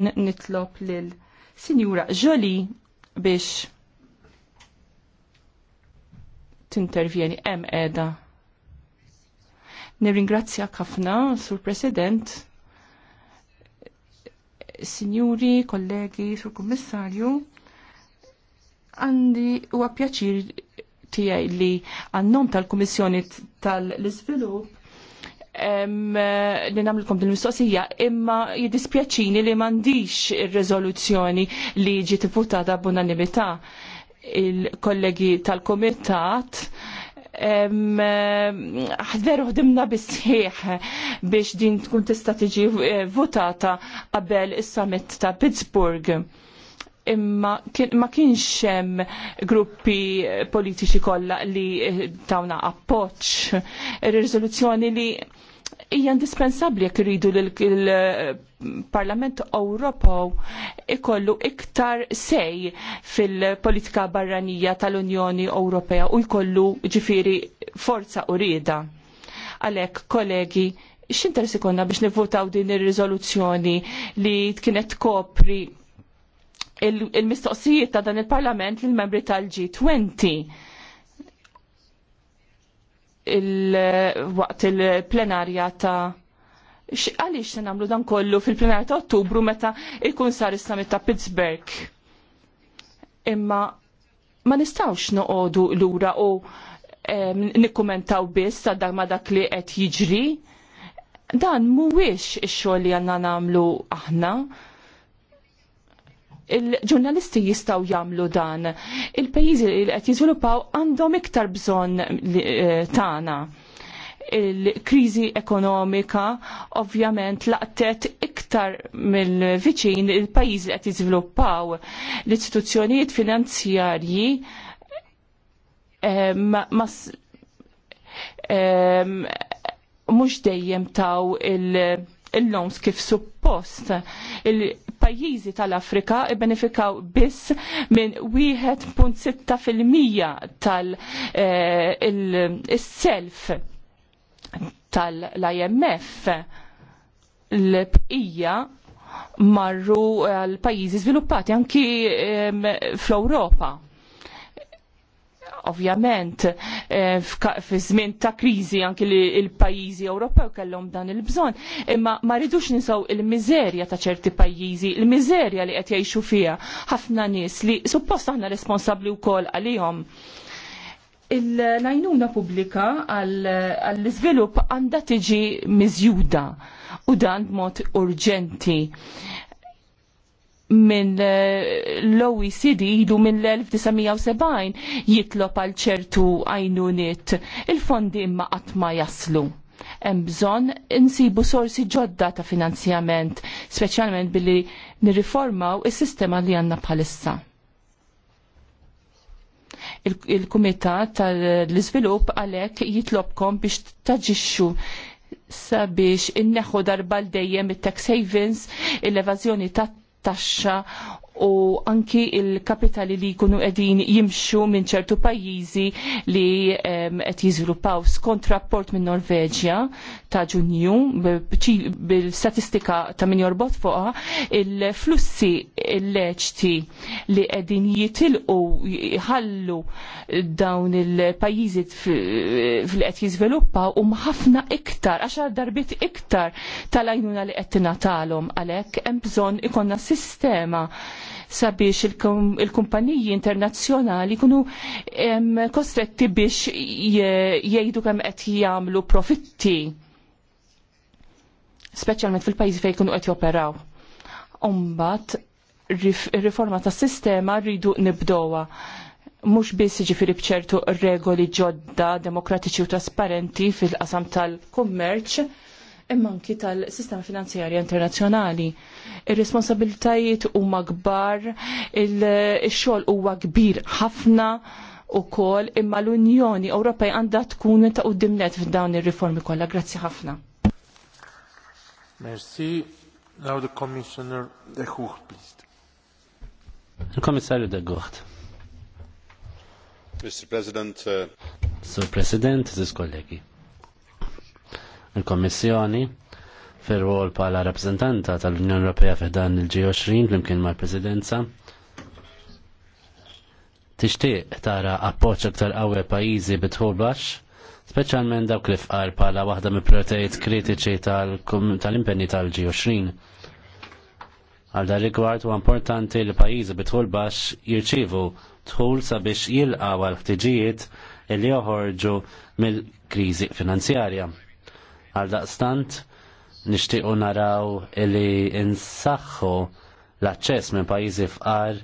nitlob lil Sinjura Jolie biex tintervjeni hemm qiegħda. Nirringrazzjak ħafna, Sur President, Sinjuri, kollegi, Sur Kommissarju, għandi huwa pjaċir tiegħi li għannom tal-Kummissjoni tal-Iżvilupp li namlukom din mistoqsija imma jiddispjaċini li mandiċ il-rezoluzzjoni li ġiet votata b'unanimità il-kollegi tal-komitat ħderu ħdimna bisħieħ biex din tkun tista' tiġi eh, votata qabel is-summit ta' Pittsburgh imma ma kienx hemm gruppi politiċi kollha li eh, tawna appoġġ ir-riżoluzzjoni li hija indispensabbli jekk iridu l-Parlament Ewropew ikollu iktar sej fil-politika barranija tal-Unjoni Ewropea u jkollu ġifiri forza u rieda. Għalhekk, kollegi, xinter ikonna biex nivvotaw din ir-riżoluzzjoni li kienet kopri il-mistoqsijiet ta' dan il-Parlament lill membri tal-G20 il-waqt il-plenarja ta' għaliex se nagħmlu dan kollu fil-plenarja ta' Ottubru meta jkun sar is-summit ta' Pittsburgh. Imma ma nistawx noqogħdu lura u nikkumentaw biss ta' dak ma dak li qed jiġri. Dan mhuwiex ix-xogħol li għandna nagħmlu aħna il-ġurnalisti jistaw jamlu dan. Il-pajizi li qed jiżviluppaw għandhom iktar bżonn eh, tagħna il-krizi ekonomika ovvjament laqtet iktar mill-viċin il-pajiz li qed jiżviluppaw l-istituzzjonijiet finanzjarji eh, eh, mhux dejjem taw il-loans kif suppost. Il pajjiżi tal-Afrika ibbenefikaw biss minn 1.6% tal-self tal-IMF l-bqija marru għal pajjiżi sviluppati anki fl-Ewropa Ovvjament, eh, fi żmien ta' kriżi anki li l-pajjiżi Ewropew kellhom dan il-bżonn, imma ma rridux nisaw il-miżerja ta' ċerti pajjiżi, il-miżerja li qed jgħixu fiha ħafna nies li suppost aħna responsabbli wkoll għalihom. il najnuna pubblika għall-izvilup għandha tiġi miżjuda u dan b'mod urġenti minn eh, l-OECD ilu minn l-1970 jitlob għal ċertu għajnuniet. Il-fondi imma għatma jaslu. Hemm bżonn insibu sorsi ġodda ta' finanzjament, speċjalment billi nirriformaw is-sistema li għandna bħalissa. Il-Kumitat il kumitat tal iżvilupp għalhekk jitlobkom biex taġixxu sabiex inneħu darba l-dejjem it-tax havens, il evażjoni tat tat-taxxa u anki il-kapitali li jkunu qegħdin jimxu minn ċertu pajjiżi li qed jiżviluppaw skont rapport minn Norveġja ta' Ġunju bil-statistika ta' min jorbot fuqha il-flussi l-leċti li qegħdin jitilqu jħallu dawn il-pajjiżi li qed jiżviluppaw huma ħafna iktar għaxar darbit iktar tal-għajnuna li qed tingħatalhom għalhekk hemm bżonn ikollna sistema sabiex il-kumpaniji internazzjonali kunu kostretti biex jgħidu kemm qed jagħmlu profitti. Speċjalment fil-pajjiżi fejn kunu qed joperaw. Umbat riforma tas sistema rridu nibdowa mhux biss ġifiri bċertu regoli ġodda demokratiċi u trasparenti fil-qasam tal-kummerċ, imma anki tal-sistema finanzjarja internazzjonali. Ir-responsabiltajiet huma kbar, ix-xogħol huwa kbir ħafna u kol imma l-Unjoni Ewropej għandha tkun ta' net f'dawn ir-riformi kollha. Grazzi ħafna. Merci. Now the Commissioner De Gucht, please. Il-Kommissarju De Gucht. Mr. President. Uh... Sir President, this kollegi il-Kommissjoni fir rwol bħala rappreżentanta tal-Unjoni Ewropea f'dan il-G20 flimkien mal-Presidenza tixtieq tara appoġġ aktar qawwi pajjiżi bitħul baxx, speċjalment dawk li fqar bħala waħda mill prioritajiet kritiċi tal-impenni tal-G20. Għal dar rigward huwa importanti li pajjiżi bitħul baxx jirċievu tħul sabiex jilqgħu għal ħtiġijiet li joħorġu mill-kriżi finanzjarja. Għal daqstant, nishtiqu naraw illi insaxħu l-aċċess minn pajjiżi fqar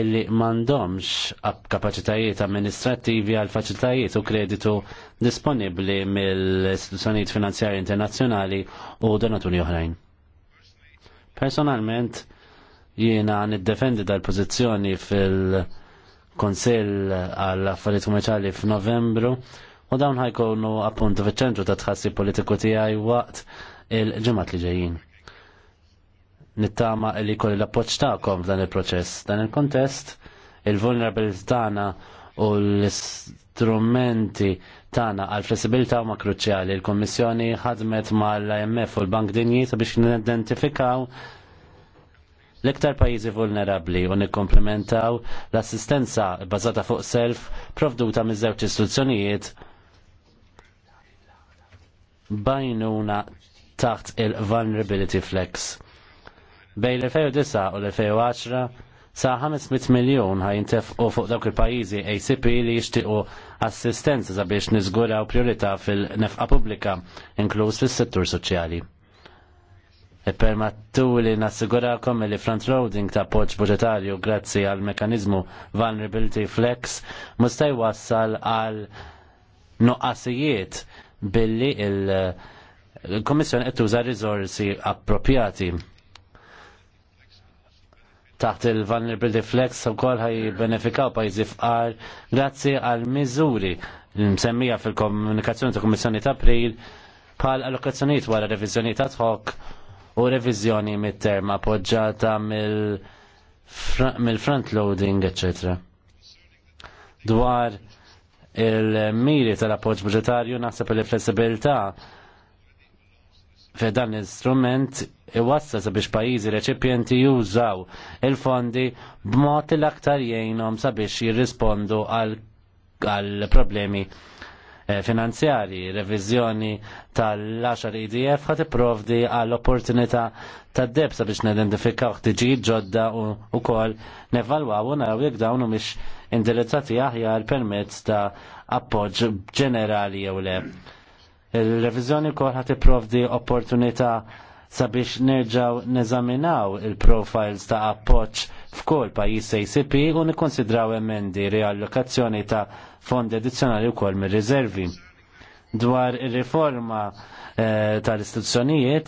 illi mandomx kapacitajiet amministrativi għal faċilitajiet u kreditu disponibli mill-istituzzjonijiet finanzjari internazzjonali u donaturi oħrajn. Personalment, jiena niddefendi dal-pożizzjoni fil-Konsill għall affarijiet Kummerċali f'Novembru U dawn ħajkunu appuntu fiċ-ċentru ta' tħassi politiku tiegħi waqt il-ġimgħat li ġejjin. Nittama li kolli l-appoġġ tagħkom f'dan il-proċess. Dan il-kontest, il-vulnerabilità tagħna u l-istrumenti tagħna għal flessibilità huma kruċjali. il kummissjoni ħadmet mal-IMF u l-Bank Dinji sabiex nidentifikaw l-iktar pajjiżi vulnerabbli u nikkomplementaw l-assistenza bbażata fuq self provduta miż-żewġ istituzzjonijiet bajnuna taħt il-Vulnerability Flex. Bej l-2009 u l-2010 sa 500 miljon ħajntef u fuq dawk il-pajizi ACP li jishtiqu assistenza sabiex u priorita fil-nefqa pubblika inkluż fis-settur soċjali. Permattu li nassigurakom li front loading ta' poċ budgetarju grazzi għal mekanizmu Vulnerability Flex mustaj wassal għal noqqasijiet billi il-Komissjoni qed tuża riżorsi appropjati taħt il-Vulnerability Flex u kol ħaj benefikaw pajzi fqar grazzi għal miżuri msemmija fil-komunikazzjoni ta' Komissjoni ta' April bħal allokazzjonijiet wara revizjoni ta' tħok u revizjoni mit-term appoġġata mill-front loading, eccetera dwar il-miri tal-appoġġ budgetarju naħseb il-flessibilità fe dan l-istrument iwassa sabiex pajizi reċipjenti jużaw il-fondi b'mod l-aktar jgħinhom sabiex jirrispondu għal problemi eh, finanzjari, revizjoni tal-10 IDF e ħat iprovdi għall opportunità tad deb sabiex nidentifikaw ħtiġijiet ġodda u wkoll nevalwaw u naraw jekk dawn mhumiex indirizzati aħjar permezz ta' appoġġ ġenerali jew le. Il-reviżjoni kol ħat ipprovdi opportunità sabiex nerġaw neżaminaw il-profiles ta' appoġġ f'kull pajjiż ACP u nikkonsidraw emendi riallokazzjoni ta' fondi addizzjonali wkoll mir-riservi dwar ir riforma eh, tal-istituzzjonijiet,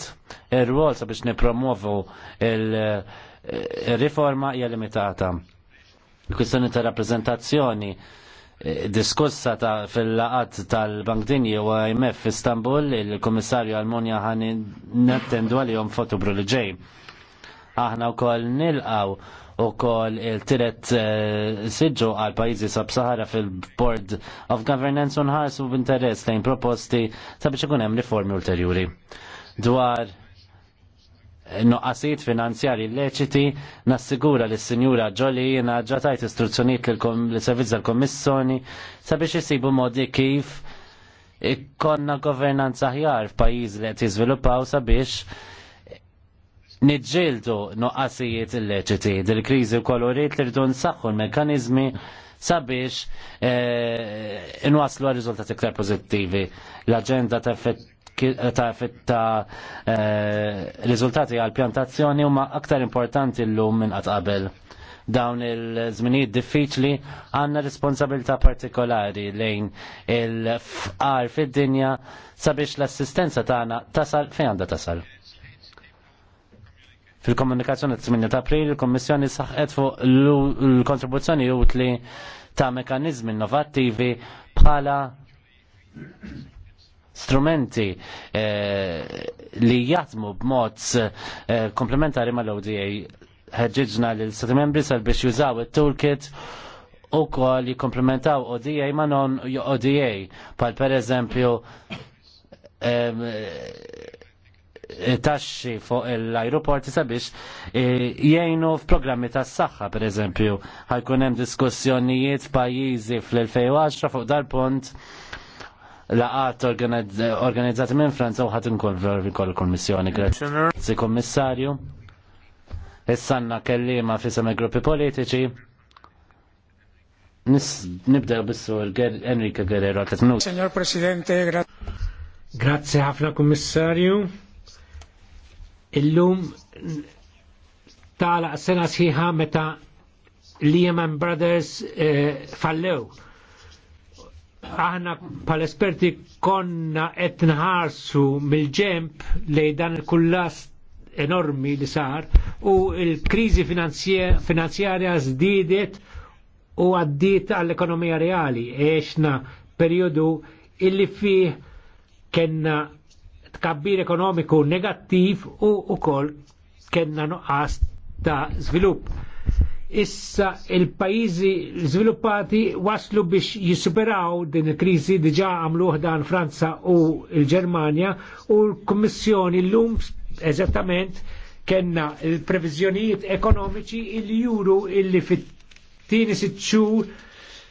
ir-rwol sabiex nipromovu il-riforma eh, hija limitata. Il-kwistjoni ta' rappreżentazzjoni eh, diskussa ta' fil-laqat tal-Bank Dinji u IMF f'Istanbul, il-Komissarju Almonja ħani nettendu għalihom fotubru li ġej. Aħna wkoll nilqaw ukoll il-tiret eh, siġu għal pajjiżi sab-Sahara fil-Board of Governance unħarsu b'interess lejn proposti sabiex ikun hemm riformi ulterjuri. Dwar noqqasijiet finanzjari leċiti nassigura li s-Sinjura Ġoli jena ġatajt istruzzjoniet l-Servizz tal-Kommissjoni sabiex jisibu modi kif ikkonna governanza ħjar f'pajjiż li qed jiżviluppaw sabiex niġġieldu noqqasijiet illeċiti. Dil-kriżi wkoll uriet li rridu nsaħħu l-mekkaniżmi sabiex eh, inwaslu għal riżultati iktar pożittivi. L-aġenda ta' effett Eh, ta' eh, riżultati għal pjantazzjoni huma aktar importanti llum minn qatt qabel. Dawn il-żminijiet diffiċli għandna responsabilità partikolari lejn il-fqar fid-dinja sabiex l-assistenza tagħna tasal fejn għandha tasal. Fil-komunikazzjoni t-8 ta' april, il-Kommissjoni saħet fuq l-kontribuzzjoni utli ta' mekanizmi innovattivi bħala strumenti eh, li jatmu b'mod eh, komplementari mal-ODA ħedġiġna l-Stati membri sal biex jużaw il-toolkit u kol jikomplementaw ODA ma non ODA pal per eżempju eh, taxxi fuq l-aeroporti sabiex jgħinu f'programmi tas saħħa per eżempju ħajkun hemm diskussjonijiet f'pajjiżi fl-2010 fuq dal punt laqat organizzat minn Franza u ħat inkolver kol kommissjoni. Grazie kommissarju. Issanna kellima fi semi gruppi politiċi. Nibdew bissu Enrique Guerrero. Signor Presidente, grazie. Grazie ħafna kommissarju. Illum tala sena sħiħa meta Lehman Brothers eh, fallew aħna pal-esperti konna qed nħarsu mill-ġemp li dan il-kullas enormi li sar u il-kriżi finanzjarja żdiedet u għaddiet għall-ekonomija reali. Eċna periodu illi fih kenna tkabbir ekonomiku negattiv u u ukoll kenna nuqqas ta' svilupp issa il-pajizi sviluppati waslu biex jisuperaw din il-krizi diġa għamluħ dan Franza u il-Germania u l-Kommissjoni l-lum eżattament kenna il-previżjonijiet ekonomiċi il juru illi fit tini sitxu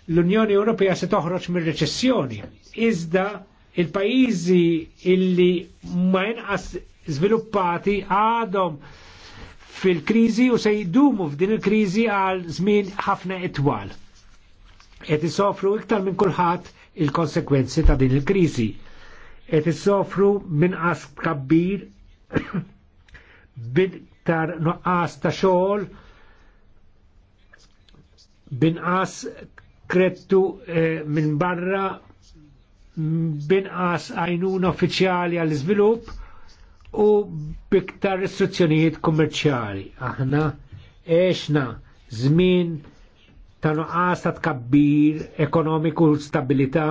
l-Unjoni Ewropea se toħroġ mir-reċessjoni. Iżda il-pajizi illi ma jenqas sviluppati għadhom fil-krizi u se jidumu f'din il-krizi għal żmien ħafna itwal. Qed isofru iktar minn kulħadd il-konsekwenzi ta' din il-krizi. Qed isofru minn qas kabbir biktar nuqqas ta' xogħol binqas krettu eh, minn barra binqas għajnuna uffiċjali għall-iżvilupp u biktar restrizzjonijiet kummerċjali. Aħna eċna żmien ta' nuqqas ta' tkabbir ekonomiku u stabilità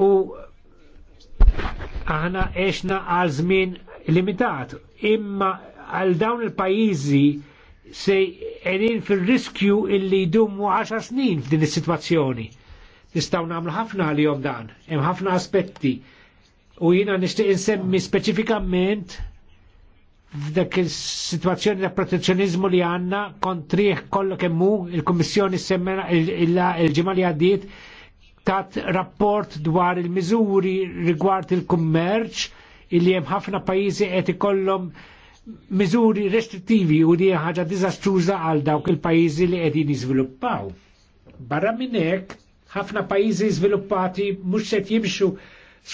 u aħna eċna għal żmien limitat. Imma għal dawn il-pajizi se edin fil-riskju illi jdumu 10 snin f'din is-sitwazzjoni. Nistaw nagħmlu ħafna għal-jom dan, hemm ħafna aspetti U jina nishtiq insemmi specifikament f'dak il-situazzjoni ta' protezzjonizmu li għanna kontriħ kollu kemmu il-Kommissjoni semmena il-ġimma li għaddiet tat rapport dwar il-miżuri rigward il-kummerċ illi hemm ħafna pajjiżi qed ikollhom miżuri restrittivi u di ħaġa diżastruża għal dawk il-pajjiżi li qegħdin jiżviluppaw. Barra minn hekk, ħafna pajjiżi żviluppati mhux qed jimxu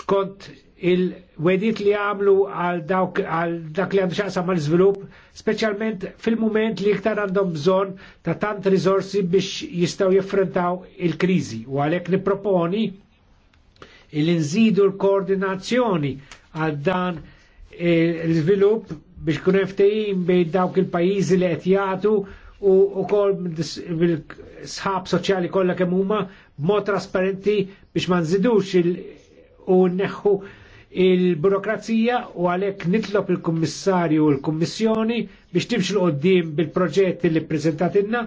skont il-wedit li għamlu għal dawk għal dak li għandu xaqsa mal żvilupp specialment fil-moment li iktar għandhom bżon ta' tant rizorsi biex jistaw jiffrentaw il-krizi. U għalek niproponi il-nżidu l-koordinazzjoni għal dan eh, l-żvilupp biex kunem ftejim bej dawk il pajizi li għetjatu u kol sħab soċjali kollha kemm huma mod trasparenti biex ma nżidux il u neħħu il-burokrazija u għalek nitlob il kommissarju u l kommissjoni biex timx l-qoddim bil-proġetti li prezentatinna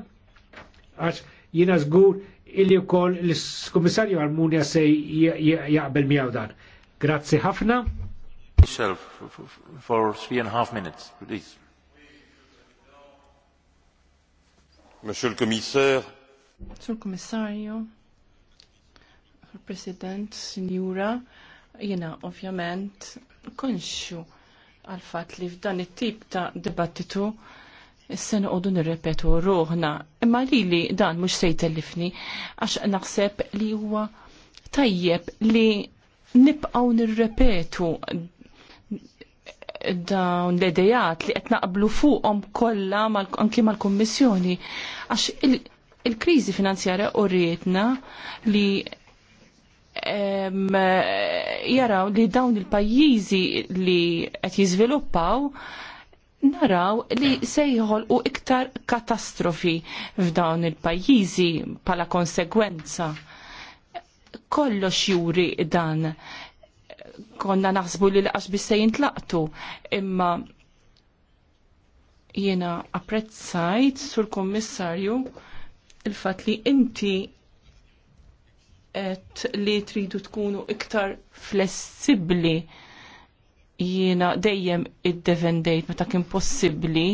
għax jiena żgur illi wkoll l kommissarju għal Almunja se jaqbel miegħu dan. Grazzi ħafna. for three and a half minutes, please. Monsieur le Commissaire. Monsieur le Commissario, le Président, Signora, Jena ovvjament konxu għal-fat li f'dan it-tip ta' dibattitu s-sen għodu nirrepetu ruħna. Imma li li dan mux sejtellifni għax naħseb li huwa tajjeb li nibqaw nirrepetu dawn l-idejat li qed naqblu fuqhom kollha anki mal-Kummissjoni għax il-kriżi finanzjarja u rietna li jaraw li dawn il-pajjiżi li qed jiżviluppaw naraw li se jħolqu iktar katastrofi f'dawn il-pajjiżi bħala konsegwenza. Kollox juri dan. Konna naħsbu li laqas biss se jintlaqtu, imma jiena apprezzajt sur kummissarju il-fat li inti et li tridu tkunu iktar flessibli jiena dejjem id-defendejt meta kien possibbli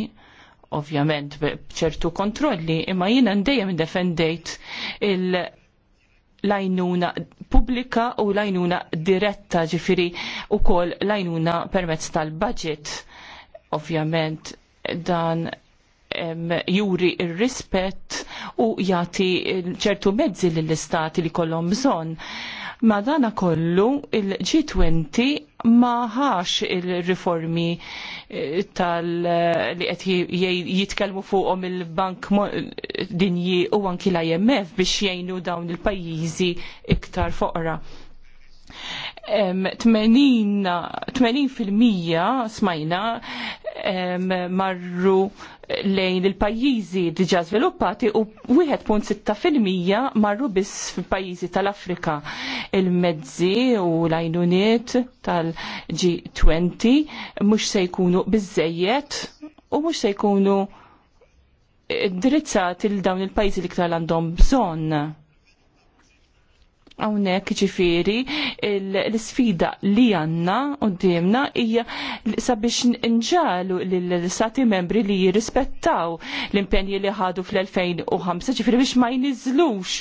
ovvjament bċertu kontrolli, imma jiena dejjem defendejt il lajnuna pubblika u lajnuna diretta ġifiri u kol lajnuna permezz tal-budget. Ovvjament dan juri ir-rispett u jagħti ċertu mezzi lill-istati li kollom bżonn. Ma dana kollu il-G20 ma ħax il-riformi eh, tal eh, li qed jitkellmu fuqhom il-Bank Dinji u anki l-IMF biex jgħinu dawn il-pajjiżi iktar foqra. 80% smajna marru lejn il-pajjiżi diġa sviluppati u 1.6% marru biss fil-pajjiżi tal-Afrika. Il-mezzi u l ajnunit tal tal-G20 mhux se jkunu bizzejiet u mhux se jkunu drizzati l dawn il-pajjiżi li ktar għandhom bżonn Hawnhekk ġifiri l-sfida li għandna dimna hija sabiex nġalu l sati membri li jirrispettaw l-impenji li ħadu fl-2005 ġifiri biex ma jnizlux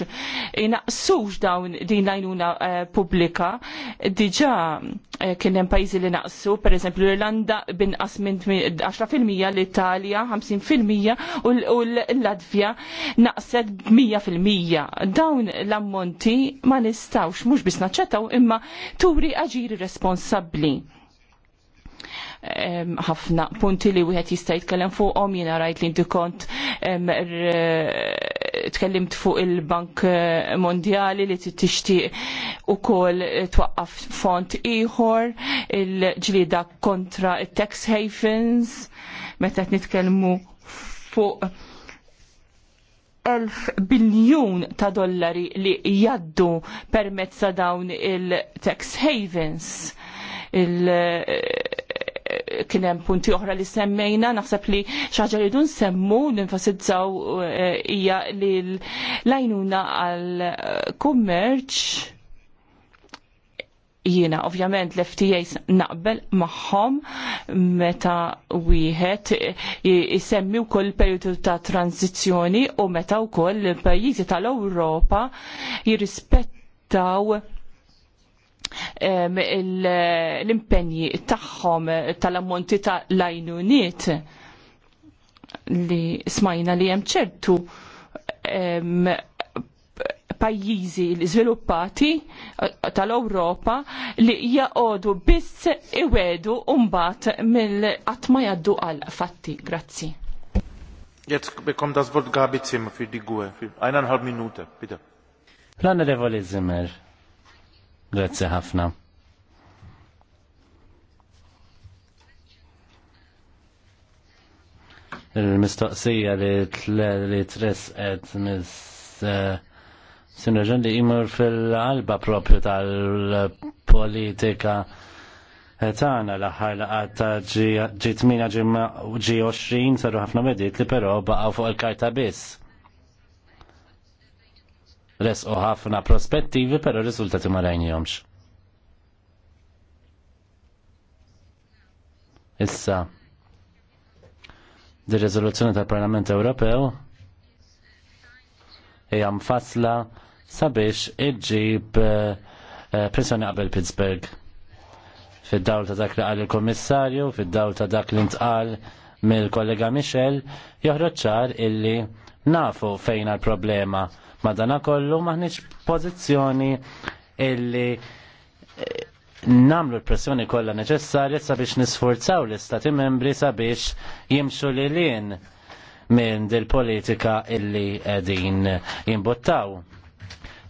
jnaqsux dawn din l publika eh, pubblika. Diġà eh, kien hemm pajjiżi li naqsu, pereżempju l-Irlanda binqas minn 10% l-Italja 50% u l-Latvja naqset 100%. Dawn l-ammonti ma nistawx mhux biss naċċettaw imma turi aġiri responsabbli. Ħafna um, punti li wieħed jista' jitkellem fuqhom jiena rajt li inti kont um, tkellimt fuq il-Bank Mondjali li tixtieq ukoll twaqqaf font ieħor il ġlieda kontra it-tax havens meta nitkellmu fuq elf biljun ta' dollari li jaddu permezz ta' dawn il-tax havens. Il eh, kienem punti oħra li semmejna, naħseb li xaġa li dun semmu, ninfasizzaw eh, hija li l-lajnuna għal-kummerċ eh, jiena ovvjament l-FTAs naqbel magħhom meta wieħed isemmi wkoll periodu ta' tranzizzjoni u meta wkoll il-pajjiżi tal-Ewropa jirrispettaw ehm, l-impenji tagħhom tal-ammonti ta' lajnuniet li smajna li hemm ċertu ehm, pajjiżi li żviluppati eh, tal-Ewropa li jaqogħdu biss iwedu mbagħad mill-qatt ma jgħaddu għal fatti. Grazzi. Jetzt bekommt das Wort Gabi Zimmer für die GUE. eineinhalb Minute, bitte. der Wolle Zimmer. Grazie Hafna. il-mistoqsija li tres qed mis eh, Sinraġun li jimur fil alba propju tal-politika tagħna l-aħħar laqgħat ta' G8 ġi 20 saru ħafna mediet li pero baqgħu fuq il-karta biss. u ħafna prospettivi però riżultati ma rajnihomx. Issa, di rezoluzzjoni tal-Parlament Ewropew hija fasla sabiex iġġib eh, eh, persuni qabel Pittsburgh. Fid-dawl ta' dak li qal il-Kommissarju, fid-dawl ta' dak li ntqal mill-kollega Michel, joħroġ ċar illi nafu fejn għal-problema. dana kollu maħniċ pozizjoni illi eh, namlu l-pressjoni kollha neċessarja sabiex nisforzaw l-istati membri sabiex jimxu li lin minn dil-politika illi qegħdin jimbottaw.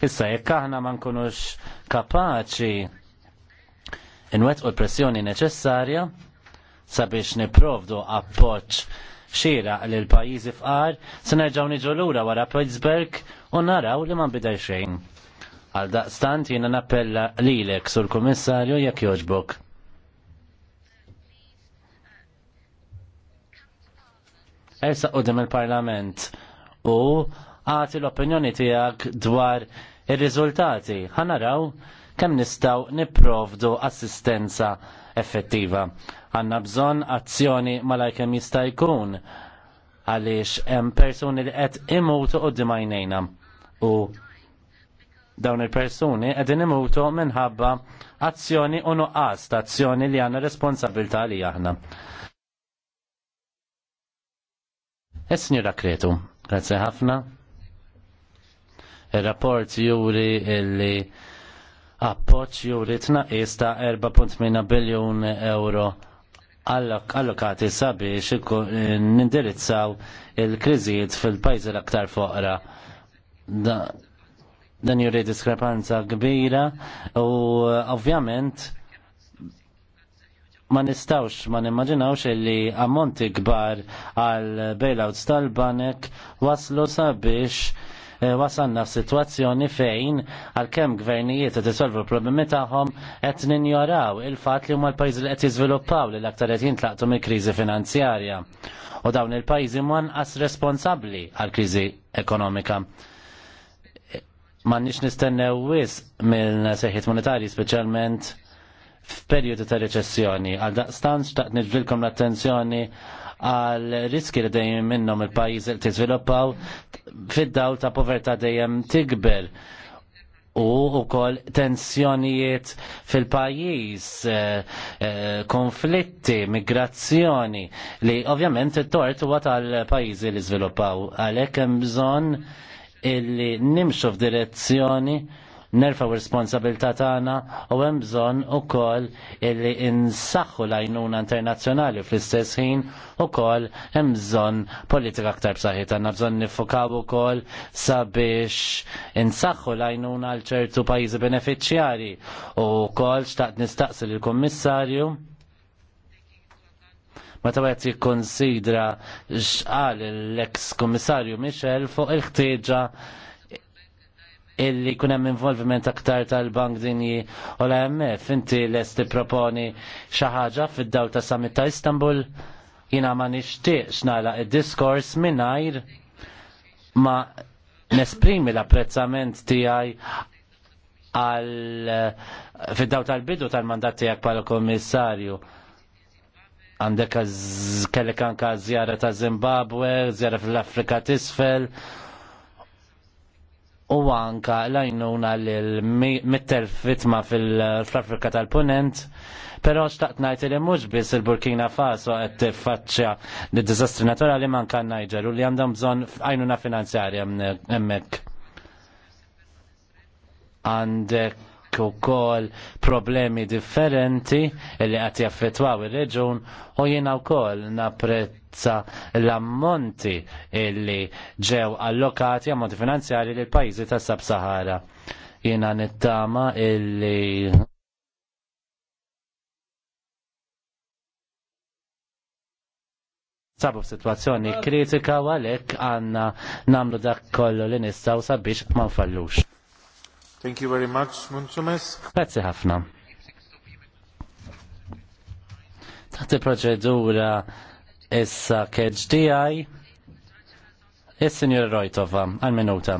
Issa jekk aħna ma nkunux kapaċi inwettqu l-pressjoni neċessarja sabiex niprovdu appoġġ xira l pajjiżi fqar, se nerġgħu niġu lura wara Pittsburgh u naraw li ma nbidaj xejn. Għal daqstant jiena nappella lilek sur kummissarju jekk jogħġbok. Ersa qudiem il-Parlament u għati l-opinjoni tijak dwar il-rizultati. ħanaraw kem nistaw niprovdu assistenza effettiva. Għanna bżon azzjoni malaj kem jista' jkun għaliex hemm persuni li qed imutu u għajnejna. U dawn il-persuni qegħdin imutu minħabba azzjoni u nuqqas ta' azzjoni li għandna responsabilità li aħna. Is-Sinjura eh, Kretu, grazie ħafna. Il-rapport juri illi appoċ juri tnaqis ta' 4.8 biljun euro allokati sabiex eh, nindirizzaw il-kriżijiet fil-pajzi l-aktar foqra. dan juri diskrepanza kbira u eh, ovvjament ma nistawx, ma nimmaġinawx li ammonti kbar għal bailouts tal-banek waslu sabiex Eh, wasanna f'sitwazzjoni fejn għalkemm gvernijiet għet jisolvu l-problemi tagħhom qed ninjoraw il-fatt li huma l-pajjiżi li qed jiżviluppaw li l-aktar qed jintlaqtu mill-kriżi finanzjarja. U dawn il-pajjiżi ma nqas responsabbli għall-kriżi ekonomika. Ma nix nistennew wis mill seħħiet monetarji speċjalment f'perjodu ta' reċessjoni. Għal daqstan xtaqt nġvilkom l-attenzjoni għal riski li dejjem minnhom il-pajjiż li tiżviluppaw fid-dawl ta' povertà dejjem tikber u wkoll tensjonijiet fil-pajjiż, eh, eh, konflitti, migrazzjoni li ovvjament it-tort huwa tal-pajjiżi li żviluppaw għalhekk hemm bżonn illi nimxu f'direzzjoni nerfaw responsabilità tagħna u hemm bżonn ukoll illi insaħħu l-għajnuna internazzjonali fl-istess ħin ukoll hemm bżonn politika aktar b'saħħit għandna bżonn nifukaw ukoll sabiex insaħħu l-għajnuna għal ċertu pajjiżi benefiċjarji u wkoll xtaqt nistaqsi lill-Kummissarju meta għet jikkonsidra xqal l-ex kommissarju Michel fuq il-ħtieġa illi kunem involviment aktar tal-Bank Dinji u l amf Inti l-esti proponi xaħġa fid-dawl ta' Summit ta' Istanbul jina ma nishtiq nagħlaq id-diskors mingħajr ma nesprimi l-apprezzament tiegħi għal fid-daw tal-bidu tal-mandat tiegħek bħala komissarju għandek kellek anka zjara ta' Zimbabwe, zjara fl-Afrika t'isfel u anka lajnuna l mittel fitma fil-Afrika tal-Punent, pero xtaqt najt li mux biss il-Burkina Faso għed tiffaċċja l dizastri naturali manka Niger u li għandhom bżon għajnuna finanzjarja emmek. Għandek hawnhekk ukoll problemi differenti li qed jaffettwaw ir-reġun u jiena wkoll napprezza l-ammonti illi ġew allokati ammonti finanzjari lil pajjiżi tas-Sab-Sahara. Jiena nittama illi sabu situazzjoni kritika u għalek għanna namlu dak kollu li nistaw sabiex ma nfallux. Thank you very much, Munzumes. Grazie ħafna. Taħt il-proċedura issa KHDI, is-Sinjor Rojtova, għal-minuta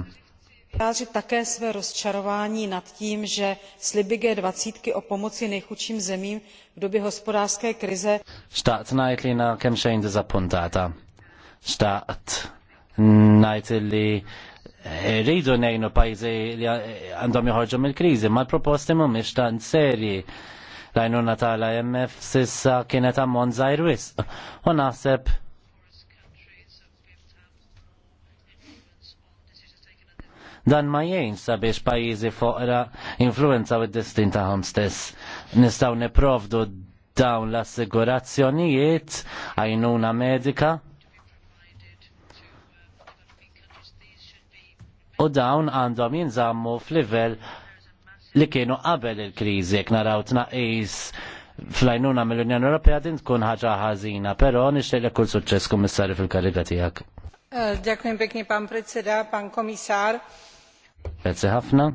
vyjádřit také své rozčarování nad tim, že slibige g twenty o pomoci nejchudším zemím v době hospodářské krize Xtaqt najt li kemm xejn diżappuntata. Xtaqt najt li rridu nejnu pajzi li għandhom joħorġu mill-krizi, ma l-proposti mumiex tant serji lajnuna tal MF sissa kienet ammont zaħir wisq. U naħseb dan ma jgħin sabiex pajizi foqra influenza u d distin taħom stess. Nistaw niprovdu dawn l-assigurazzjonijiet għajnuna medika u dawn għandhom jinżammu f'livell li kienu qabel il-kriżi jekk naraw tnaqis fl-għajnuna mill-Unjoni Ewropea din tkun ħaġa ħażina, però nixtieq kull suċċess kummissarju fil kariga tiegħek. Dziękuję eh, pięknie pan predseda, pan komisar. Grazie ħafna.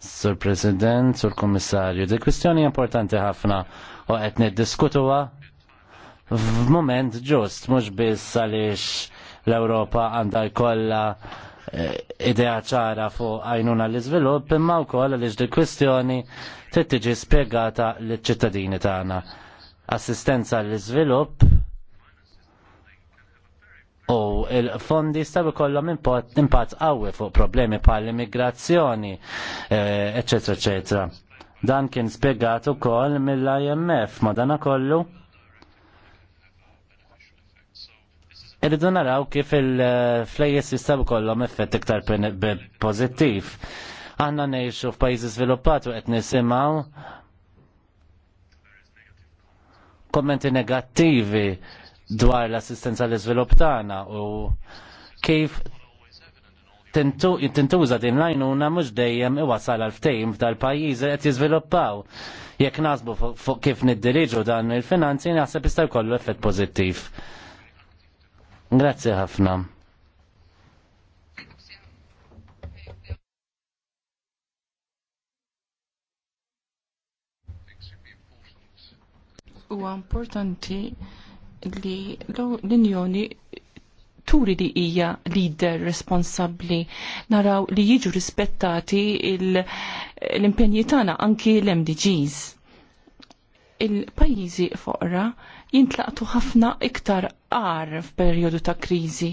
Sur President, Sur Kommissarju, di kwestjoni importanti ħafna u qed niddiskutuha f'mument ġust, mhux biss għaliex l-Ewropa għandha jkollha idea ċara fuq għajnuna l-izvilupp imma wkoll għaliex di kwistjoni trid tiġi spjegata liċ-ċittadini tagħna. Assistenza l-iżvilupp u il-fondi jistaw ikollhom impatt qawwi fuq problemi bħal immigrazzjoni, eccetera eh, eċetera. Dan kien spjegat ukoll mill-IMF madana kollu Irridu naraw kif il-flejjes jistabu kollom effett iktar pozittiv. Aħna ngħixu f'pajjiżi sviluppat u qed nisimgħu kommenti negattivi dwar l-assistenza l iżvilupp tagħna u kif tintuża din l-għajnuna mhux dejjem iwasal għal ftejm tal-pajjiżi qed jiżviluppaw. Jekk nasbu fuq kif niddiriġu dan il-finanzi naħseb jista' jkollu effett pożittiv. Grazzi ħafna. Huwa importanti li l-Unjoni turi li hija leader responsabbli naraw li jiġu rispettati l-impenji tagħna anki l-MDGs. Il-pajjiżi foqra jintlaqtu ħafna iktar qar f'perjodu ta' kriżi.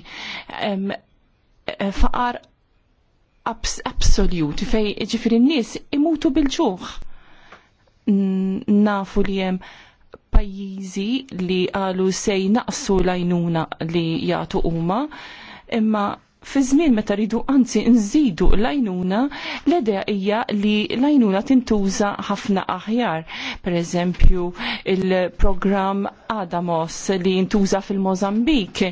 Eh, faqar absoluti fej ġifiri n-nies imutu bil-ġuħ. Nafu li hemm pajjiżi li qalu se naqsu l-għajnuna li jagħtu huma imma fi żmien meta ridu anzi nżidu l-għajnuna, l-idea hija li l-għajnuna tintuża ħafna aħjar. Per eżempju, il-programm Adamos li jintuża fil-Mozambik.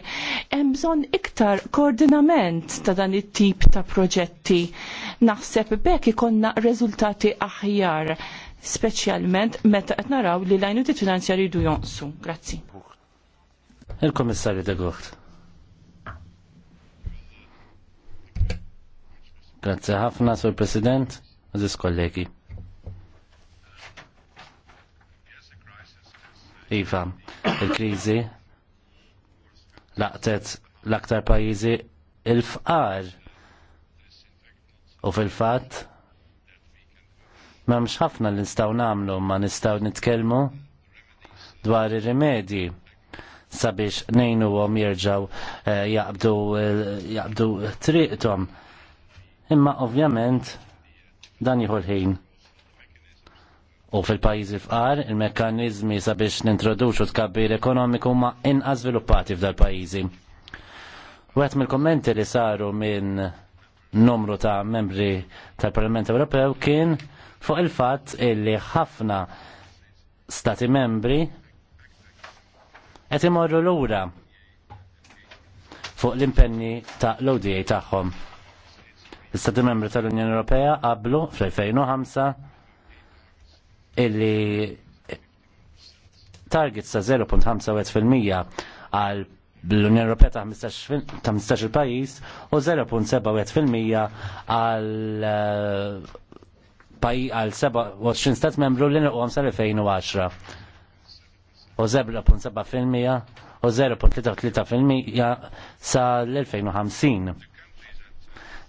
Hemm bżonn iktar koordinament ta' dan it-tip ta' proġetti. Naħseb bekk ikonna reżultati aħjar speċjalment meta qed naraw li l-għajnu finanzjari jridu jonqsu. Grazzi. Il-Komissarju de Gucht. Grazie ħafna, Sur President, Aziz kollegi. Iva, il-krizi laqtet l-aktar pajizi il-fqar u fil-fat ma ħafna li nistaw namlu ma nistaw nitkelmu dwar ir-rimedji sabiex nejnu għom jirġaw eh, jaqbdu eh, jaqbdu triqtom Imma ovvjament dan jieħu ħin. U fil-pajjiżi fqar, il-mekkanizmi sabiex nintroduċu tkabbir ekonomiku ma inqas sviluppati f'dal pajjiżi. Wieħed mill-kommenti li saru minn numru ta' membri tal-Parlament Ewropew kien fuq il-fatt illi ħafna stati membri qed imorru lura fuq l-impenni ta' l-ODA tagħhom. L-Istati Membri tal-Unjoni Ewropea qablu fl-2005 illi targets ta' 0.51% għal l-Unjoni Ewropea ta' 15 il-pajis u 0.71% għal eh, pajis għal 27 stat membru li nilqom sal-2010. U 0.7% u 0.33% sa l-2050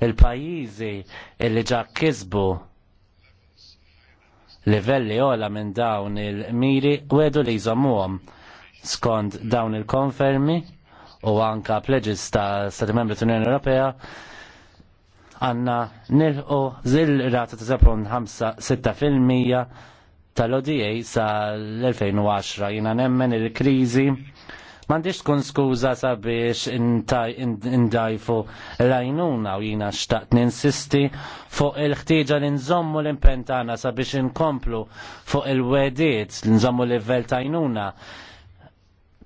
il-pajjiżi illi ġa kisbu livelli ola minn dawn il-miri wedu li jżommuhom skont dawn il-konfermi u anka pledges ta' Stati Membri tal-Unjoni Ewropea għanna nilħu zil-rata ta' 7.5-6% tal-ODA sa' l-2010 jina nemmen il-krizi Mandiġ tkun skuza sabiex indajfu lajnuna u jina xtaqt ninsisti fuq il-ħtieġa li nżommu l-impentana sabiex inkomplu fuq il li nżommu livell tajnuna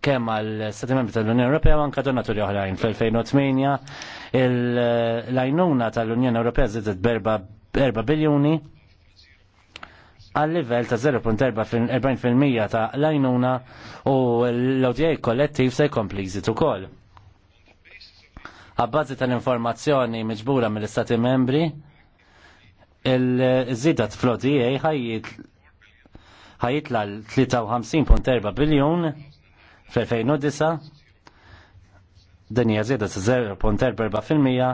kemm għal stati membri tal-Unjoni Ewropea u anka donaturi oħrajn. Fl-2008 l-lajnuna tal-Unjoni Ewropea zidet berba biljuni għal livell ta' 0.4% ta' lajnuna u l-ODA kollettiv se jkompli jżid ukoll. Għabbażi tal-informazzjoni miġbura mill-Istati membri, il-żida fl-ODA ħajitla l-53.4 biljon fl-2009 dinja zjeda ta' 0.4%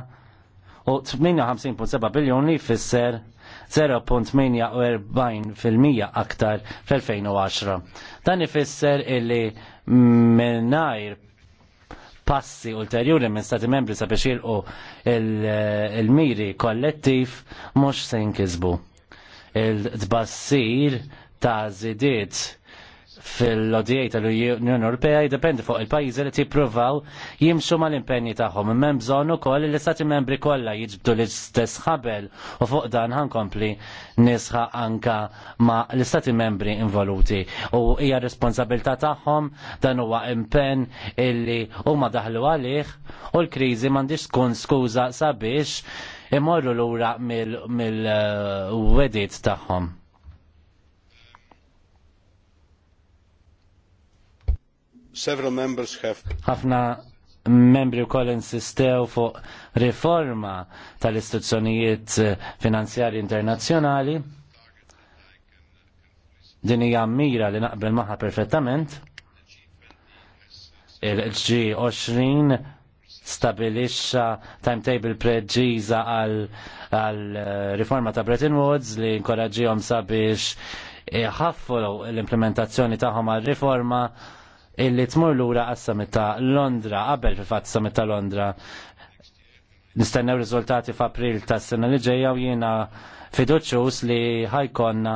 u 58.7 biljon li fisser 0.48% aktar fl-2010. Dan ifisser illi minnajr passi ulterjuri minn stati membri sabiex jilqu il-miri kollettiv mhux se jinkisbu. Il-tbassir ta' zidiet fil-ODA tal-Unjoni Ewropea jiddependi fuq il-pajjiżi li tippruvaw jimxu mal impenni tagħhom. Imma bżonn ukoll li l-istati membri kollha jiġbdu l-istess ħabel u fuq dan ħankompli nisħa anka ma l-istati membri involuti. U hija responsabilità tagħhom dan huwa impenn illi huma daħlu għalih u l-kriżi m'għandix tkun skuża sabiex imorru lura mill-wedit uh, mil, tagħhom. Several members have. Ħafna membri u koll insistew fuq riforma tal-istituzzjonijiet eh, finanzjari internazzjonali. Din hija mira li naqbel magħha perfettament. Il-G20 stabilixxa timetable preċiża għal eh, riforma ta' Bretton Woods li nkoraġġihom sabiex ħaffu l-implementazzjoni tagħhom għal riforma illi tmur lura għas samita Londra, qabel fil-fatt summit Londra. Nistennew riżultati f'April tas sena li ġejja u jiena fiduċus li ħajkonna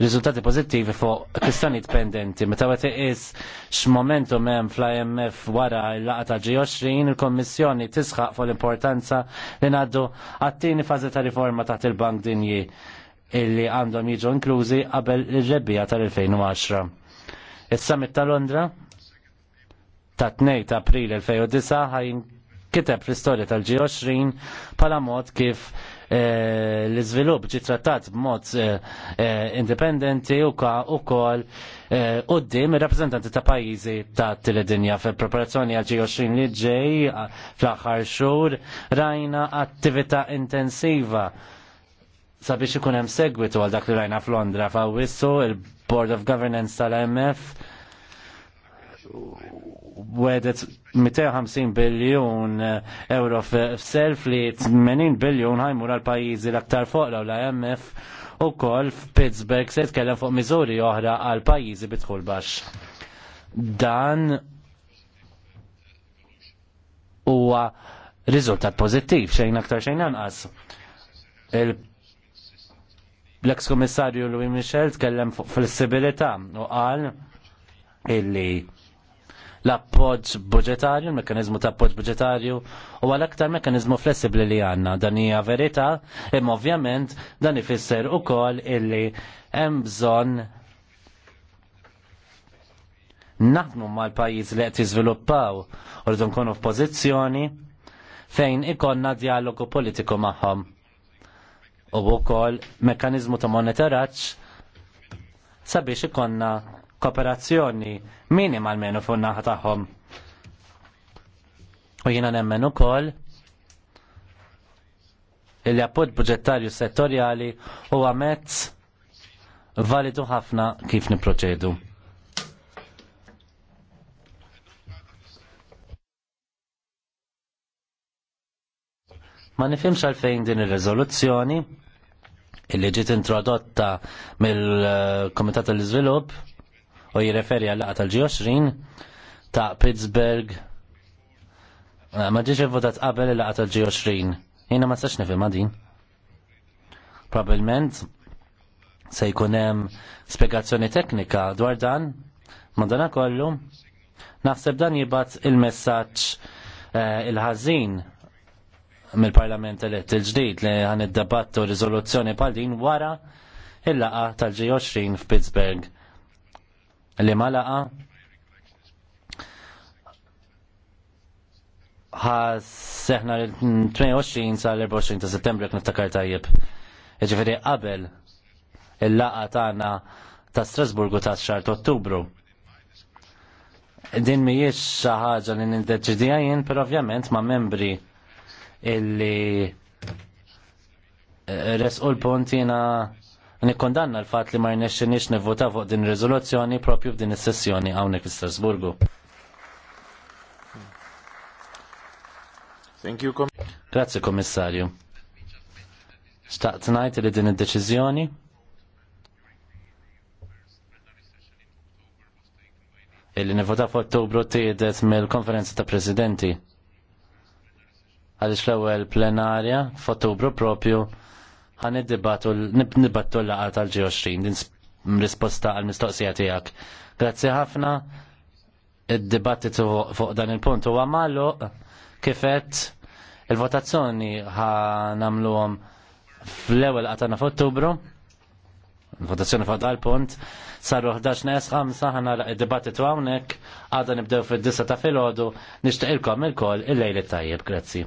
riżultati pozittivi fuq kristjani pendenti. Meta għet is x-momentum hemm fl-IMF wara l-laqa ta' G20, il-Kommissjoni tisħaq fuq l-importanza li ngħaddu għattini fażi ta' riforma ta' il-Bank Dinji illi għandhom jiġu inklużi qabel ir rebbija tal-2010. Is-summit ta' Londra ta' 2 April 2009 ħajn kiteb fl-istorja tal-G20 pala mod kif eh, l-izvilup ġi trattat b'mod eh, eh, indipendenti u kol u d-dim rappresentanti ta' pajizi ta' t-tile-dinja fil preparazzjoni għal G20 li ġej fl-axar xur rajna attività intensiva sabiex ikun hemm segwitu għal dak li rajna f'Londra wissu il-Board of Governance tal-MF wedet 250 biljun eh, euro f'self li 80 biljun ħajmur għal pajjiżi l-aktar foqla u l-IMF u kol f'Pittsburgh se jitkellem fuq miżuri oħra għal pajjiżi bitħul baxx. Dan huwa riżultat pożittiv xejn aktar xejn anqas. L-eks komissarju Louis Michel tkellem fuq flessibilità u qal illi l-appoġġ budġetarju, l-mekanizmu ta' appoġġ budġetarju u għal-aktar mekanizmu flessibli li għanna. Dan hija verità, imma ovvjament dan ifisser ukoll illi hemm bżonn naħdmu mal-pajjiż li qed jiżviluppaw u rridu nkunu f'pożizzjoni fejn ikonna dialogu politiku magħhom u wkoll mekkaniżmu ta' monitoraġġ sabiex ikonna kooperazzjoni minima l-menu fuq naħa tagħhom. U jiena nemmen ukoll il appoġġ budgettarju settorjali huwa mezz validu ħafna kif niproċedu. Ma nifimx għalfejn din ir-riżoluzzjoni il illi ġiet introdotta mill-Komitat tal-Iżvilupp u jirreferi għal laqgħa tal ġi ta' Pittsburgh ah, ma ġiex votat qabel il-laqgħa ġi 20 Jiena ma sax nifhimha din. Probabilment se jkun hemm spjegazzjoni teknika dwar dan dana kollu naħseb dan jibgħat il-messaġġ eh, il ħazin mill-Parlament elett il-ġdid li għan id-debattu riżoluzzjoni bħal din wara il-laqa tal-G20 f'Pittsburgh li ma laqa seħna l-28 l 24 ta' settembru jek niftakar tajjeb. Ġifiri qabel il-laqa tagħna ta' Strasburgu ta' xar ta' Ottubru. Din mhijiex xi ħaġa li nindeċidija jien, per ovvjament ma' membri illi eh, resqu l pontina Nikkondanna l-fat li ma jnexxinix nivvota fuq din riżoluzzjoni propju f'din is-sessjoni hawnhekk fi Strasburgu. Thank you, Grazie, Kommissarju. Staqt ngħid li din id-deċiżjoni illi nivota f'Ottubru tiedet mill-konferenza ta' presidenti. Għaliex l-ewwel plenarja f'Ottubru propju ħan nibbattu l-laqa tal-G20 din risposta għal mistoqsija tiegħek. Grazzi ħafna id-dibattitu fuq dan il-punt huwa għamallu kifet il-votazzjoni ħan għom fl-ewwel qatana f'Ottubru. Votazzjoni fuq dal-punt saru 11 nes 5 ħana id-dibattitu hawnhekk għadha nibdew fid-disa ta' filgħodu nixtieq ilkom ilkoll il-lejli tajjeb, grazzi.